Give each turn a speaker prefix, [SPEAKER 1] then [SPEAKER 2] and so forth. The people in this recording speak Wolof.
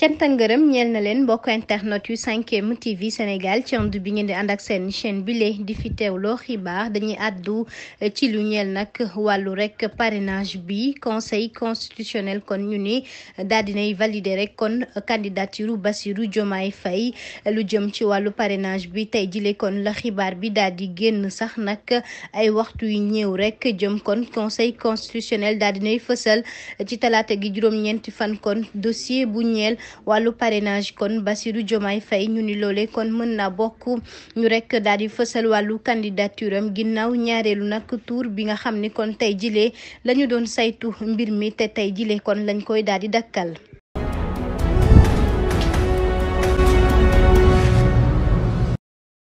[SPEAKER 1] canta ngërëm ñeel na leen mbokk internet yu 5M TV Sénégal ci bi ngi di ànd ak seen chaîne bile di fi teewloo xibaar dañuy àddu eh, ci lu ñeel nag wàllu rek parrainage bi conseil constitutionnel kon ñu ni eh, daal dinay valider rek kon candidature Bassirou Diomaye fay eh, lu jëm ci wàllu parrainage bi tey jile kon la xibaar bi daal di génn sax nag ay waxtu yu ñëw rek jëm kon conseil constitutionnel daal dinay fësal ci talaata gi juróom-ñeenti fan kon dossier bu ñeel wàllu parrainage kon Bassirou Diomaye Faye ñu ni loole kon mën na bokk ñu rekk daal di fësal wàllu candidature am ginnaaw ñaareelu nag tour bi nga xam ni kon tey jilee lañu doon saytu mbir mi te tey jilee kon lañu koy daal di dakkal